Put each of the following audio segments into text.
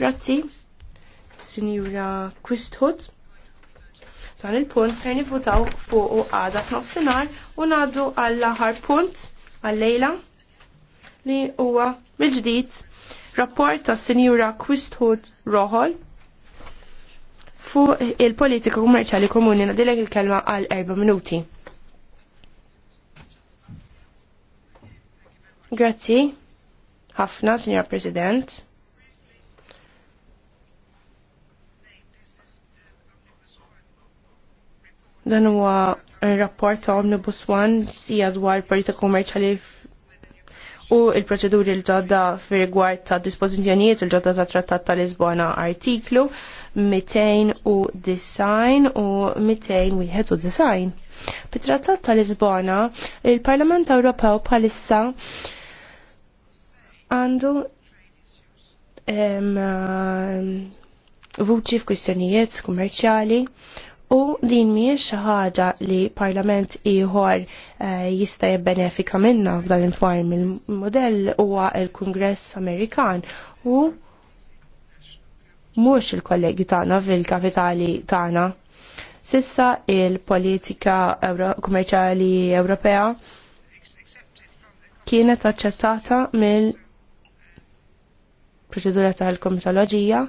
Grazzi, Signora Quisthood. Dan il-punt ser nivvotaw fuq u għada f'nofsinhar u ngħaddu għall-aħħar punt għall lejla li huwa mill-ġdid rapport ta' Sinjura Quisthood Roħol fuq il-politika kummerċali komuni nadilek il-kelma għal erba' minuti. Grazzi, ħafna, Signor President. Dan huwa rapport ta' Omnibus One hija dwar parita kummerċali u il-proċeduri l-ġodda fi rigward ta' dispożizzjonijiet il-ġodda ta' Trattat ta' Lisbona artiklu 200 u u design. Bit-Trattat ta' Lisbona, il-Parlament Ewropew bħalissa għandu vuċi f'kwistjonijiet kummerċjali u din mhijiex xi ħaġa li parlament ieħor eh, jista' jibbenefika minnha f'dan il-form il-modell huwa l-Kungress Amerikan u mhux il-kollegi tagħna fil-kapitali tagħna. Sissa il-politika kummerċjali Ewropea kienet aċċettata mill proċedura tal-komitoloġija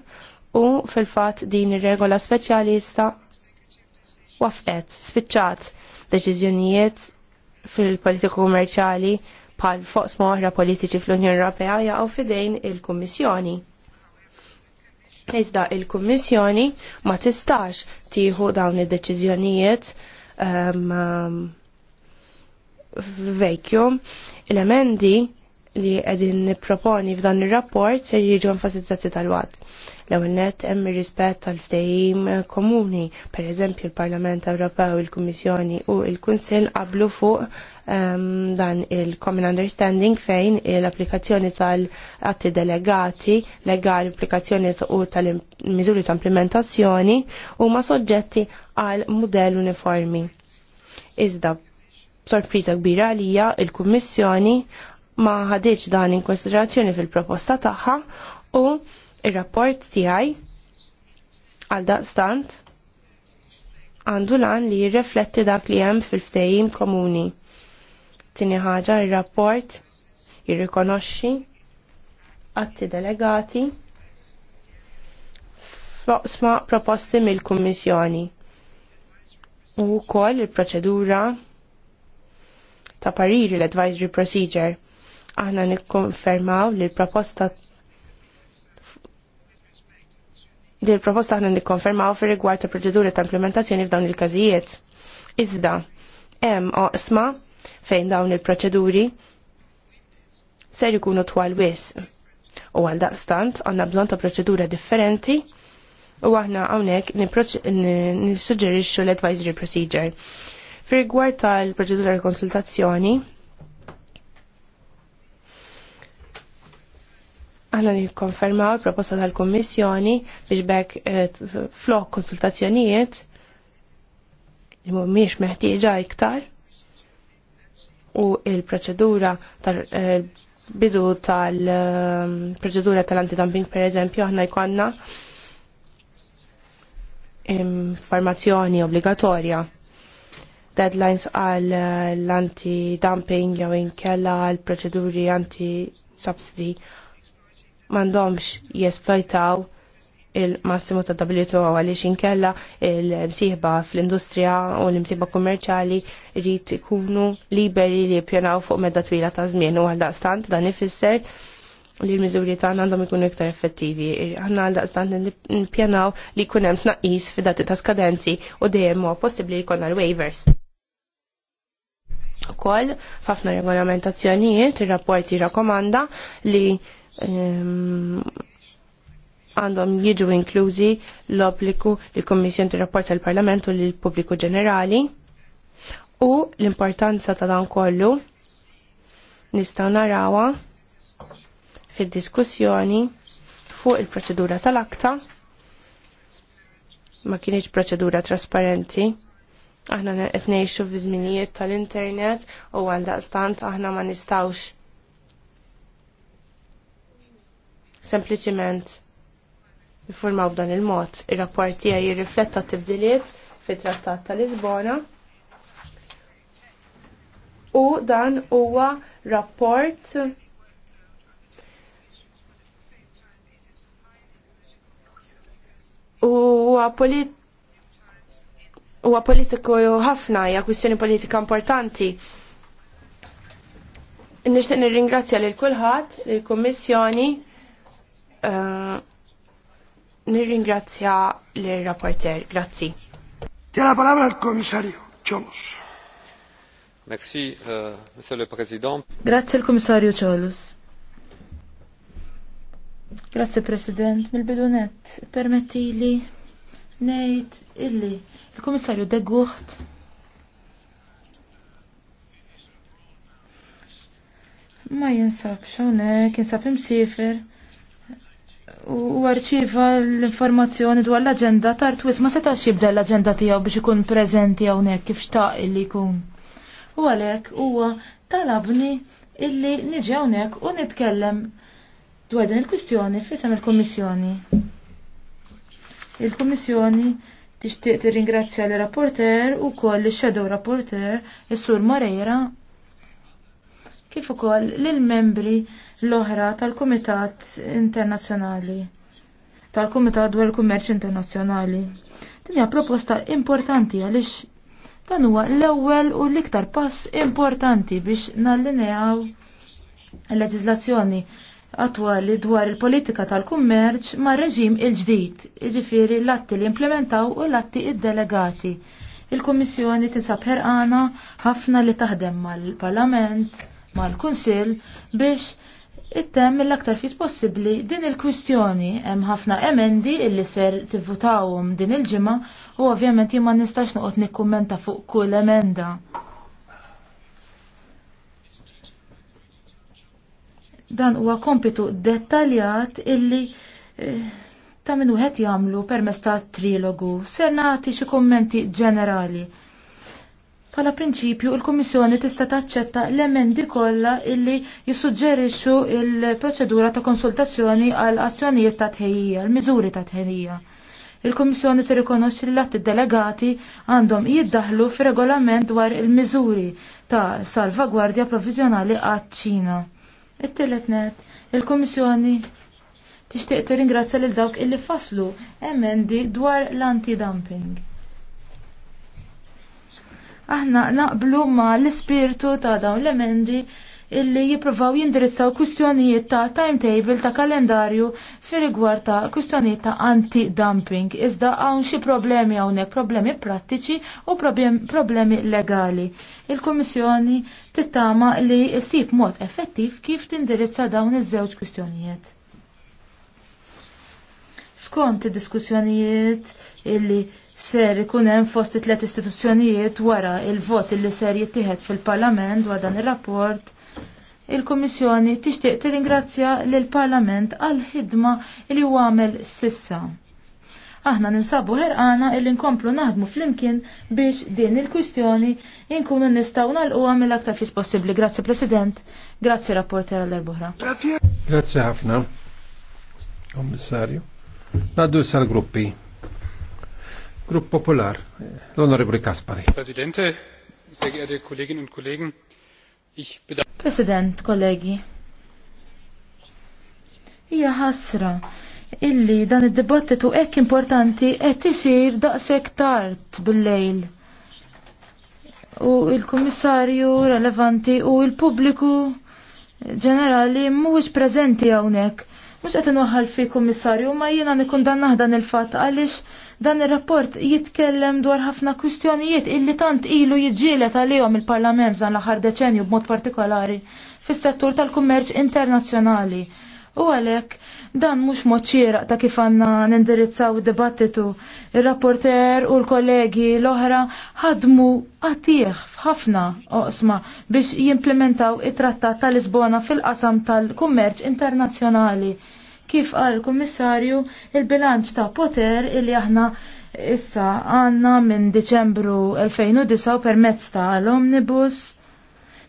u fil-fatt din ir-regola speċjalista wafqet, spiċċat deċiżjonijiet fil-politika kummerċali bħal fuq oħra politiċi fl-Unjoni Ewropea jaqgħu fidejn il-Kummissjoni. Iżda il-Kummissjoni ma tistax tieħu dawn id-deċiżjonijiet ehm, ehm, um, vacuum. Il-emendi li qegħdin nipproponi f'dan ir-rapport se jiġu enfasizzati tal-wad. L-ewwel nett hemm ir-rispett tal-ftehim komuni, pereżempju l-Parlament Ewropew, il-Kummissjoni u l-Kunsill qablu fuq ehm, dan il-Common Understanding fejn l-applikazzjoni tal-atti delegati, legali applikazzjoni u tal-miżuri ta' implementazzjoni huma soġġetti għal mudell uniformi. Iżda sorpriża kbira għalija il-Kummissjoni ma ħadiċ dan in konsiderazzjoni fil-proposta tagħha u il rapport tiegħi għal daqstant għandu lan li jirrefletti dak li hemm fil-ftehim komuni. Tini ħaġa il rapport jirrikonoxxi atti delegati foqsma proposti mill-Kummissjoni u wkoll il-proċedura ta' pariri l-advisory procedure Aħna nikkonfermaw li l-proposta li l-proposta aħna nikkonfermaw fir rigward ta' proċeduri ta' implementazzjoni f'dawn il-każijiet. Iżda, hemm oqsma fejn dawn il-proċeduri ser ikunu twal wis. U għal daqstant għandna bżonn ta' proċedura differenti u aħna hawnhekk nissuġġerixxu l-advisory procedure. Fir rigward tal-proċedura konsultazzjoni, Għallan nikkonfermaw il-proposta tal-Kommissjoni biex bekk eh, flok konsultazzjonijiet li mhumiex meħtieġa iktar u il-proċedura tal-bidu eh, tal-proċedura eh, tal-antidumping per eżempju aħna jkollna informazzjoni obbligatorja deadlines għal l-anti-dumping jew inkella għal proċeduri anti-subsidy m'għandhomx jesplojtaw il-massimu ta' WTO għaliex inkella il-msiħba fl-industrija u l-msiħba kummerċali rrit ikunu liberi li jippjonaw fuq medda twila ta' żmien u għaldaqstant dan ifisser li l-miżuri tagħna għandhom ikunu iktar effettivi. Aħna għaldaqstant nippjanaw li jkun hemm tnaqqis fid-dati ta' skadenzi u dejjem huwa possibbli li jkollna l-waivers. Koll f'ħafna regolamentazzjonijiet ir-rapport jirrakkomanda li Ehm, għandhom jiġu inklużi l-obbligu li l-Kommissjon tirrapporta l-Parlament u l-Pubbliku Ġenerali u l-importanza ta' dan kollu nistgħu narawha fid-diskussjoni fuq il-proċedura tal-akta ma kienieċ proċedura trasparenti aħna qed ngħixu fi żminijiet tal-internet u għal daqstant aħna ma nistgħux sempliciment jiffurmaw b'dan il-mod. Ir-rapport għaj jirrifletta t-tibdiliet fit-Trattat ta' Lisbona. U dan huwa rapport u politiku ħafna hija kwistjoni politika importanti. Nixtieq nirringrazzja lil kulħadd, lill-Kummissjoni, Eh, nirringrazzja l-rapporter. Grazzi. Tiena la palabra l commissario Cholos. Merci, uh, Monsieur le Président. Grazie l commissario Cholos. Grazie President, Mil bidunet permetti li nejt illi il De Gucht. ma jinsab xawnek, jinsab imsifer u arċiva l-informazzjoni dwar l-agenda tar twis ma setax jibda l-agenda tiegħu biex ikun preżenti hawnhekk kif xtaq illi jkun. U għalhekk huwa talabni illi niġi hawnhekk u nitkellem dwar din il-kwistjoni fisem il-Kummissjoni. Il-Kummissjoni tixtieq tirringrazzja l-rapporter u koll ix-shadow rapporter, is-Sur Mareira kif ukoll lill-membri l-oħra tal-Kumitat Internazzjonali tal-Kumitat dwar il-Kummerċ Internazzjonali. Din hija proposta importanti għaliex dan huwa l-ewwel u l-iktar pass importanti biex nallineaw il-leġiżlazzjoni attwali dwar il-politika tal-kummerċ ma' reġim il-ġdid, iġifiri l-atti li implementaw u l-atti id-delegati. Il-Kommissjoni tinsab ħerqana ħafna li taħdem mal-Parlament mal-Kunsill biex ittem l aktar fis possibbli din il-kwistjoni hemm ħafna emendi illi ser tivvutawhom din il-ġimgħa u ovvjament jien ma nistax noqgħod nikkummenta fuq kull emenda. Dan huwa kompitu dettaljat illi eh, ta' minn wieħed jagħmlu permezz ta' trilogu. Ser nagħti xi kummenti ġenerali Pala prinċipju, il-Kommissjoni tista' taċċetta l-emendi kollha illi jissuġġerixxu il-proċedura ta' konsultazzjoni għal azzjonijiet ta' tħejjija, l-miżuri ta' tħejjija. Il-Kommissjoni tirrikonoxxi li l-atti delegati għandhom jiddaħlu regolament dwar il-miżuri ta' salvagwardja provvizjonali għat-Ċina. It-tielet net, il-Kommissjoni tixtieq tirringrazzja lil dawk illi faslu emendi dwar l-anti-dumping aħna naqblu ma l-ispirtu ta' dawn l-emendi illi jipruvaw jindirizzaw kwistjonijiet ta' timetable ta' kalendarju fi rigward ta' kwistjonijiet ta' anti-dumping. Iżda hawn xi problemi hawnhekk, problemi prattiċi u problemi legali. Il-Kummissjoni tittama li jsib mod effettiv kif tindirizza dawn iż-żewġ kwistjonijiet. Skont id-diskussjonijiet illi ser ikun hemm fost tliet istituzzjonijiet wara il-vot li ser jittieħed fil-Parlament dwar dan ir-rapport, il-Kummissjoni tixtieq tirringrazzja lill parlament għal ħidma li huwa għamel sissa. Aħna ninsabu ħerqana illi nkomplu naħdmu flimkien biex din il-kwistjoni inkunu nistgħu nagħlquha mill-aktar fis possibbli. Grazzi President, grazzi rapporter għal erbohra Grazzi ħafna, Kommissarju. Naddu sal-gruppi. Grupp Popolar, l-Onorevoli Kaspari. Presidente, sehr geehrte Kolleginnen und Kollegen, ich bedanke... President, kollegi, hija ħasra illi dan id-dibattitu hekk importanti qed isir daqshekk tard bil-lejl. U il-kummissarju relevanti u il-pubbliku ġenerali mhuwiex preżenti hawnhekk Mux għetin uħal fi kummissarju, ma jina nikun dan naħdan il-fat għalix dan il-rapport jitkellem dwar ħafna kwistjonijiet illi tant ilu jġilet għalihom il-parlament dan l-aħħar deċenju b'mod partikolari fis-settur tal-kummerċ internazzjonali U għalek, dan mux moċira ta' kif għanna nindirizzaw dibattitu. Il-rapporter u l-kollegi l-oħra ħadmu għatieħ fħafna oqsma biex jimplementaw it-trattat tal-Lisbona fil-qasam tal-kummerċ internazzjonali. Kif għal kummissarju il-bilanċ ta' poter illi aħna issa għanna minn Deċembru 2009 permezz ta' l-Omnibus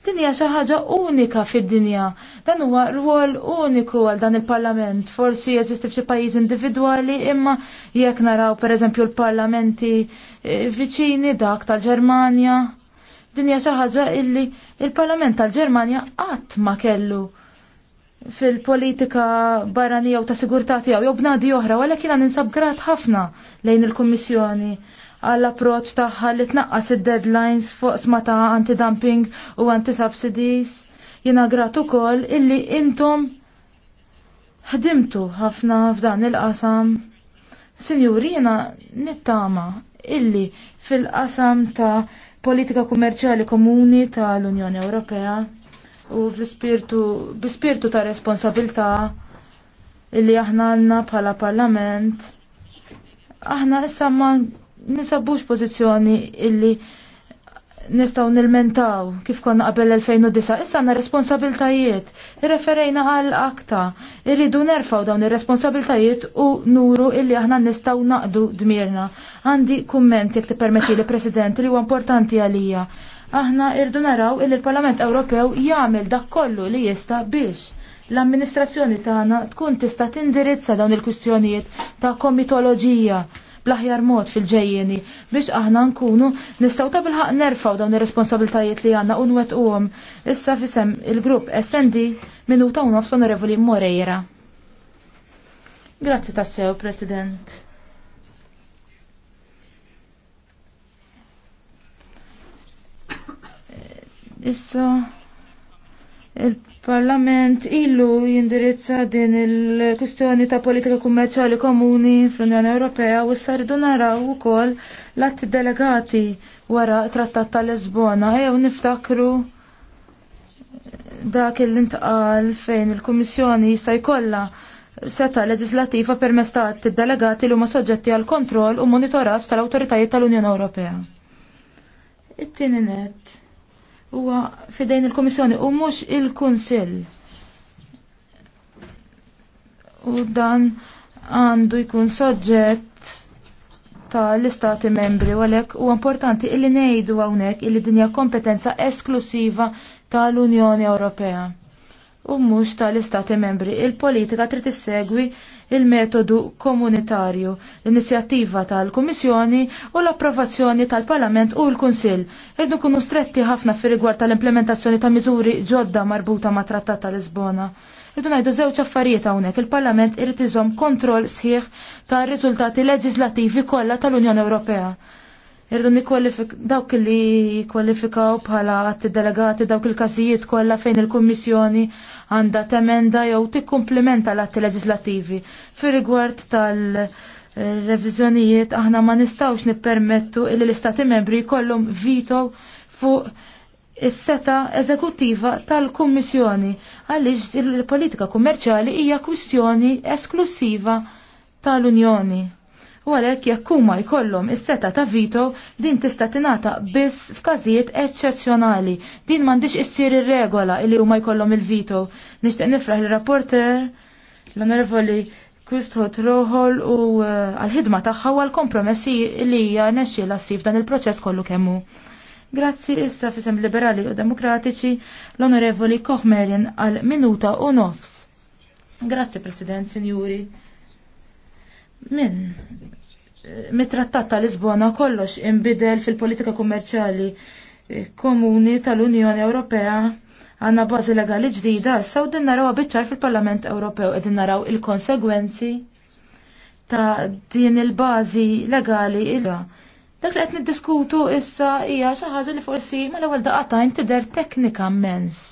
Din hija xi ħaġa unika fid-dinja. Dan huwa rwol uniku għal dan il-Parlament. Forsi jeżisti f'xi pajjiż individwali imma jekk naraw pereżempju l-parlamenti eh, viċini dak tal-Ġermanja. Din hija xi ħaġa illi il-Parlament tal-Ġermanja qatt ma kellu fil-politika barranija u ta' sigurtà tiegħu jew bnadi oħra, għalhekk jiena ninsab grat ħafna lejn il-Kummissjoni għall approċ tagħha li tnaqqas id-deadlines fuq smata anti-dumping u anti-subsidies. Jina grat ukoll illi intom ħdimtu ħafna f'dan il-qasam. Sinjuri, nittama illi fil-qasam ta' politika kummerċjali komuni tal-Unjoni Ewropea u bispirtu ta' responsabilta illi aħna għanna bħala parlament aħna issa ma nisabux pozizjoni illi nistaw nil-mentaw kif konna qabel 2009, issa għanna responsabiltajiet, referejna għal akta, irridu nerfaw dawn ir-responsabiltajiet u nuru illi aħna nistaw naqdu dmirna. Għandi kumment jek permetti li President li huwa importanti għalija. Aħna irridu naraw illi l-Parlament Ewropew jagħmel dak kollu li jista' biex l-amministrazzjoni tagħna tkun tista' tindirizza dawn il-kwistjonijiet ta' komitoloġija blaħjar mod fil-ġejjeni biex aħna nkunu nistgħu ta' bilħaq nerfaw dawn ir-responsabiltajiet li għandna u nwettquhom. Issa fisem il-grupp SND minuta u nofs onorevoli Moreira. Grazzi tassew, President. Issa Il-Parlament illu jindirizza din il-kustjoni ta' politika kummerċali komuni fl-Unjoni Ewropea u s-sardu naraw ukoll l-att delegati wara trattat ta' Lisbona. Ejjew niftakru dak il-intqal fejn il-Kummissjoni jista' jkollha seta leġislativa permezz ta' atti delegati li huma soġġetti għal kontroll u monitoraġġ tal-awtoritajiet tal-Unjoni Ewropea. It-tieni huwa fidejn il-Komissjoni u mhux il-Kunsill. U dan għandu jkun soġġett tal-istati membri u għalhekk huwa importanti illi ngħidu hawnhekk illi din hija kompetenza esklusiva tal-Unjoni Ewropea u mhux tal-istati membri. Il-politika trid issegwi il-metodu komunitarju, l-inizjattiva tal-Kummissjoni u l-approvazzjoni tal-Parlament u l-Kunsill. Irdu kunu stretti ħafna fi rigward tal-implementazzjoni ta' miżuri ġodda marbuta ma' Trattat ta' Lisbona. Irdu ngħidu żewġ affarijiet hawnhekk il-Parlament irid iżomm kontroll sħiħ tar-riżultati leġislattivi kollha tal-Unjoni Ewropea. Irdu nikwalifik dawk li jikkwalifikaw bħala għatti delegati dawk il-każijiet kollha fejn il-Kummissjoni għandha temenda jew tikkumplimenta l-atti leġislattivi. Fir-rigward tal-reviżjonijiet aħna ma nistgħux nippermettu li l-Istati membri jkollhom vito fuq is-seta eżekuttiva tal-Kummissjoni għaliex il-politika kummerċjali hija kwistjoni esklusiva tal-Unjoni. U għalek jekk huma jkollhom is-seta ta' vito din tista' tingħata biss f'każijiet eċċezzjonali. Din m'għandix issir ir-regola li huma jkollhom il-vito. Nixtieq nifraħ il-rapporter l-onorevoli Kristħot Roħol u eh, għal-ħidma tagħha u għal-kompromessi li hija nexxiela ssif dan il-proċess kollu kemmu. Grazzi issa fisem liberali u demokratiċi l-onorevoli Kochmerin għal minuta u nofs. Grazzi President, Sinjuri. Min, mit-trattat ta' Lisbona kollox imbidel fil-politika kummerċjali komuni tal-Unjoni Ewropea għanna bażi legali ġdida, saw din naraw biċċar fil-Parlament Ewropew qegħdin naraw il-konsegwenzi ta' din il-bażi legali ilha. Dak li qed niddiskutu issa hija xi ħaġa li forsi mal-ewwel daqatajn tidher teknika mens.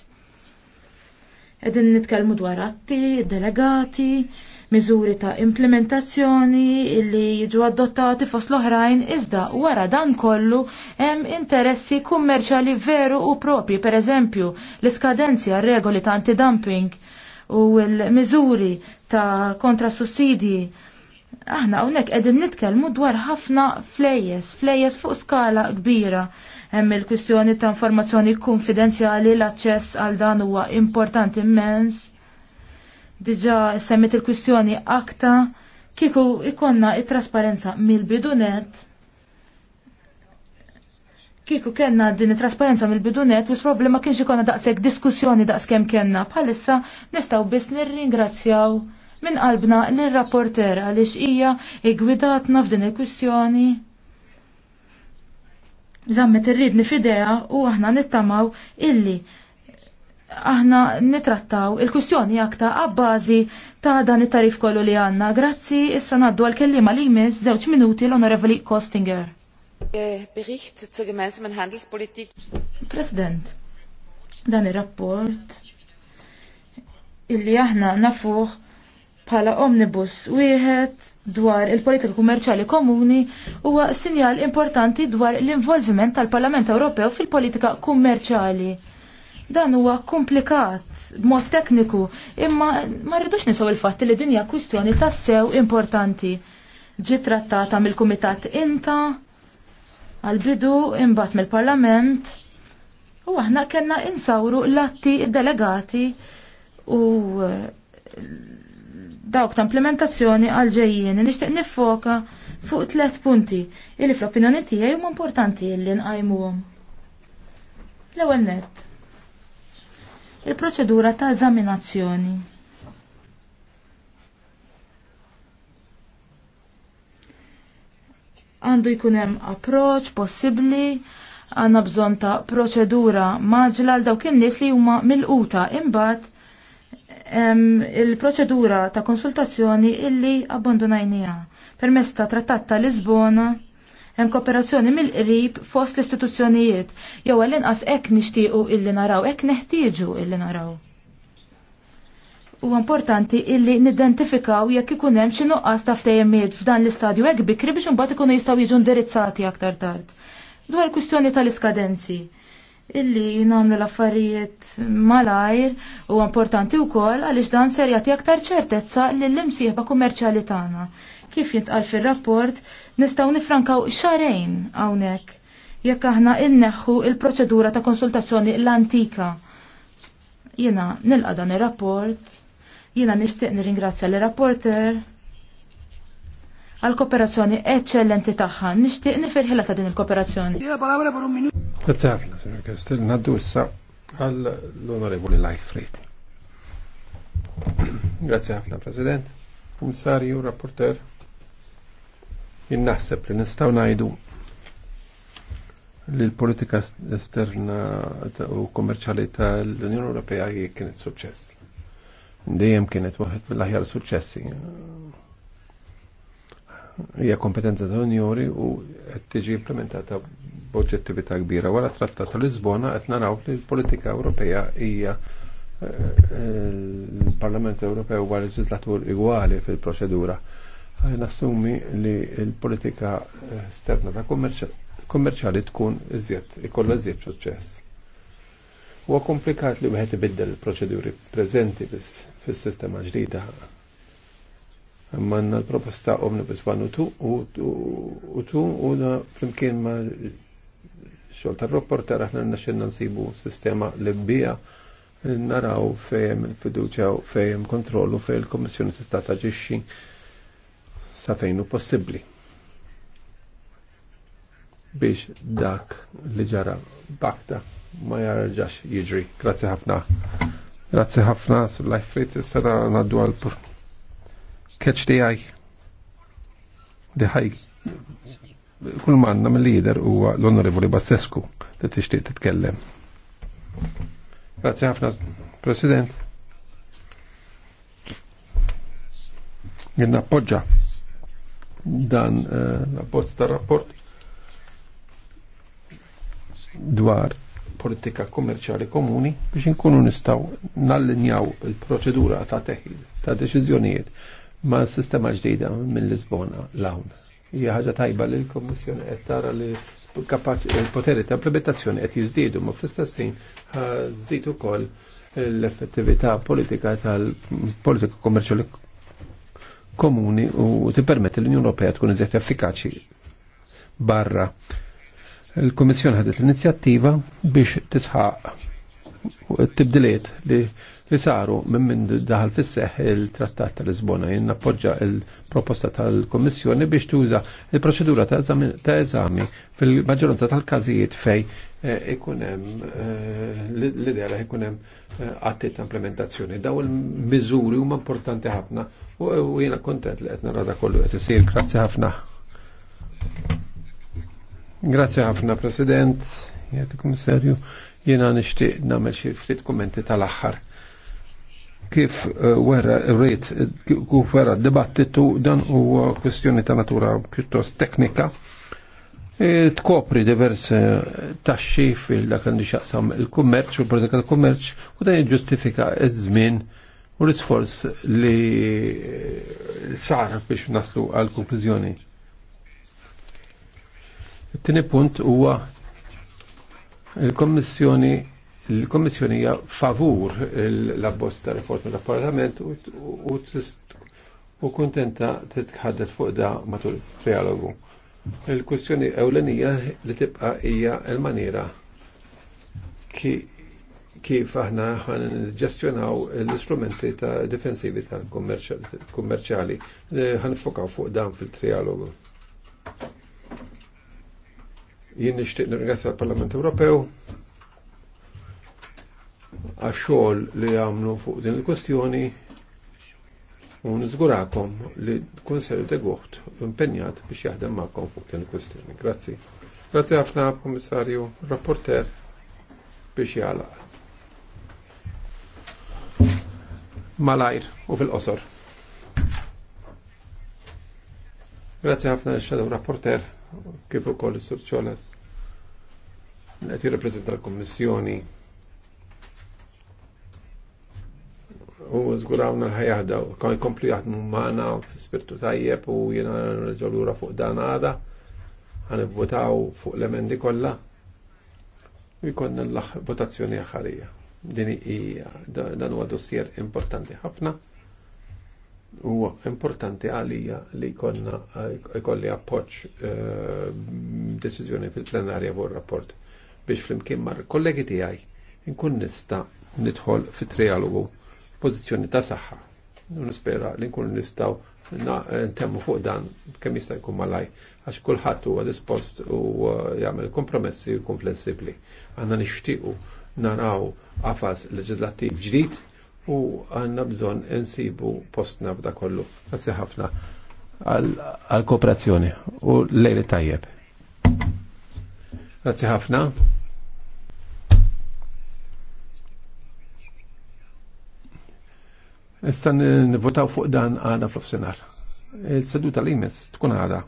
Qegħdin nitkellmu dwar atti, delegati, miżuri ta' implementazzjoni li jiġu adottati fost l-oħrajn iżda wara dan kollu hemm interessi kummerċali veru u propri, per eżempju l-iskadenzi għal regoli ta' antidumping u l-miżuri ta' kontra sussidji. Aħna hawnhekk qegħdin nitkellmu dwar ħafna flejjes, flejjes fuq skala kbira hemm il-kwistjoni ta' informazzjoni konfidenzjali l-aċċess għal dan huwa importanti immens Diġa semmet il-kwistjoni akta kieku ikonna il trasparenza mill-bidunet kieku kenna din it-trasparenza mill-bidunet u s-problema kienx ikonna daqsek diskussjoni daqskem kenna bħalissa nistaw biss nirringrazzjaw minn qalbna l-rapporter għaliex hija igwidatna f'din il-kwistjoni. Zammet irridni nifidea u aħna nittamaw illi aħna nitrattaw il-kwistjoni aktar għabbażi ta' dan it-tarif kollu li għanna. Grazzi, issa naddu għal-kellima li jmiss zewċ minuti l-Onorevoli Kostinger. Eh, bericht zur gemeinsamen Handelspolitik. President, dan il-rapport illi aħna nafuħ bħala omnibus wieħed dwar il-politika kummerċali komuni huwa sinjal importanti dwar l-involviment tal-Parlament Ewropew fil-politika kummerċali Dan huwa komplikat b'mod tekniku, imma ma rridux nisaw il-fatt li din hija kwistjoni tassew importanti. Ġi trattata mill-Kumitat Inta għal-bidu imbagħad mill-Parlament u aħna kellna insawru l-atti delegati u eh, dawk ta' implementazzjoni għal-ġejjien. Nixtieq nifoka fuq tlet punti illi fl-opinjoni tiegħi huma importanti li nqajmuhom. L-ewwel nett il-proċedura ta' eżaminazzjoni. Għandu jkun hemm approċ possibbli, għandna bżonn ta' proċedura maġla għal dawk in-nies li huma mill-quta imbagħad il-proċedura ta' konsultazzjoni illi abbandunajnija permesta ta' trattat ta' Lisbona Hemm kooperazzjoni mill-qrib fost l-istituzzjonijiet jew għall-inqas hekk nixtiequ illi naraw, hekk neħtieġu illi naraw. U importanti illi nidentifikaw jekk ikun hemm xi nuqqas ta' ftehimiet f'dan l-istadju hekk bikri biex imbagħad ikunu jistgħu jiġu indirizzati aktar tard. Dwar kwistjoni tal-iskadenzi illi nagħmlu l-affarijiet malajr u importanti u għaliex għalix dan ser jati aktar ċertezza l-imsieħba kummerċali tagħna. Kif jintqal fil-rapport, nistgħu nifrankaw xarejn hawnhekk jekk aħna inneħħu il-proċedura ta' konsultazzjoni l-antika. Jiena nilqa dan ir-rapport, jiena nixtieq nirringrazzja l rapporter għal kooperazzjoni eccellenti tagħha. Nixtieq nifirħilha ta' din il-kooperazzjoni. Grazie ħafna, Kastil, naddu issa għall-Onorevoli Lajfrit. Grazzi ħafna, President, Kummissarju, Rapporter jinnaħseb li nistaw najdu li l-politika esterna u kommerċali tal-Unjoni Ewropea kienet suċċess. Dejjem kienet waħed mill-aħjar suċċessi. Hija kompetenza ta' unjoni u qed tiġi implementata b'oġġettività kbira. Wara trattat ta' Lisbona qed naraw li l-politika Ewropea hija eh, eh, l-Parlament Ewropew huwa leġislatur igwali fil-proċedura Għajna nassumi li l-politika eh, esterna ta' kummerċali tkun iżjed, ikolla iżjed suċċess. Huwa komplikat li wieħed ibiddel proċeduri preżenti fis-sistema ġdida. Imma għandna l-proposta omnibus one u tu u da flimkien ma' xogħol tar-rapporter aħna naxxinna nsibu sistema li bbija naraw fejn il-fiduċja fejn kontrollu fejn il-Kommissjoni tista' taġixxi sa fejnu possibli. Biex dak li ġara bakta ma jarġax jiġri. Grazie ħafna. Grazie ħafna su life fit, s-sena naddu għal-pur. Catch the eye. The high. Kull manna mill-lider u l-onorevoli Bassescu li tixtieq tkellem. Grazie ħafna, President. Għinna appoġġa dan eh, l-abbozz ta' rapport dwar politika kummerċjali komuni biex inkunu nistaw nallinjaw il-proċedura ta' teħid ta' deċiżjonijiet ma' s-sistema ġdida minn Lisbona l Hija ħaġa tajba li l-Kommissjoni qed tara li il-poteri ta' implementazzjoni qed jiżdiedu ma fl-istess ħin żid ukoll l-effettività politika tal-politika kummerċjali komuni u tipermetti l-Unjoni Ewropea tkun iżjed effikaċi barra. Il-Kummissjoni ħadet l-inizjattiva biex tisħaq tibdiliet li li saru minn minn daħal fisseħ il-trattat tal-Lisbona jinn appoġġa il-proposta tal-Kommissjoni biex tuża il-proċedura ta' eżami fil-maġġoranza tal-każijiet fej eh, ikun hemm eh, l-idea li ikun hemm eh, atti ta' implementazzjoni. Daw il-miżuri huma importanti ħafna U jiena kontent li għetna rada kollu għet isir. Grazzi ħafna. Grazzi ħafna President, jgħati Komissarju, jiena nixtieq nagħmel xi ftit kommenti tal-aħħar. Kif uh, wera rrit, kif wera dibattitu dan huwa kwestjoni ta' natura pjuttost teknika e, tkopri diversi taxxi fil dak għandu xaqsam il-kummerċ u l-politika kummerċ u dan jiġġustifika iż-żmien u l-isforz li ċar biex naslu għal konklużjoni. tini punt huwa il-Kommissjoni il-Kommissjoni hija favur l-abbozz reform tal-Parlament u u kontenta titħaddet fuq da matul trialogu. Il-kwestjoni ewlenija li tibqa hija l-maniera kif aħna ħan ġestjonaw l-istrumenti ta' difensivi ta' kummerċali. Eh, ħan fokaw fuq dan fil-trialogu. Jien nixtieq nirringrazzja l-Parlament Ewropew għax-xogħol li għamlu fuq din il kustjoni u nżgurakom li konserju de għuħt impenjat biex jaħdem maqom fuq din il-kwestjoni. Grazzi. Grazzi ħafna, Komissarju, Rapporter biex jgħalaq. malajr u fil-qosor. Grazie ħafna l xadu Rapporter kif ukoll is-Sur l-għati reprezenta l-Kummissjoni u zgurawna l ħajahda u kan jkomplu jaħdmu f-spirtu tajjeb u jena l lura fuq dan għada għan votaw fuq l-emendi kolla, u jkonna l-votazzjoni aħħarija. Din dan huwa dossier importanti ħafna u importanti għalija li konna jkolli appoġġ eh, deċiżjoni fil-plenarja fuq rapport biex flimkien mar kollegi tiegħi nkun nista nidħol fit-trialogu pożizzjoni ta' saħħa. Nispera li nkun nistaw ntemmu fuq dan kemm jista' jkun malaj għax kulħadd huwa dispost u eh, jagħmel kompromessi u jkun flessibbli. Għandna nixtiequ naraw għafas leġislattiv ġdid u għanna bżon insibu postna b'da kollu. Grazzi ħafna għal kooperazzjoni u lejli tajjeb. Grazzi ħafna. Istan nivotaw fuq dan għada fl-ofsenar. Il-seduta l imes tkun għada.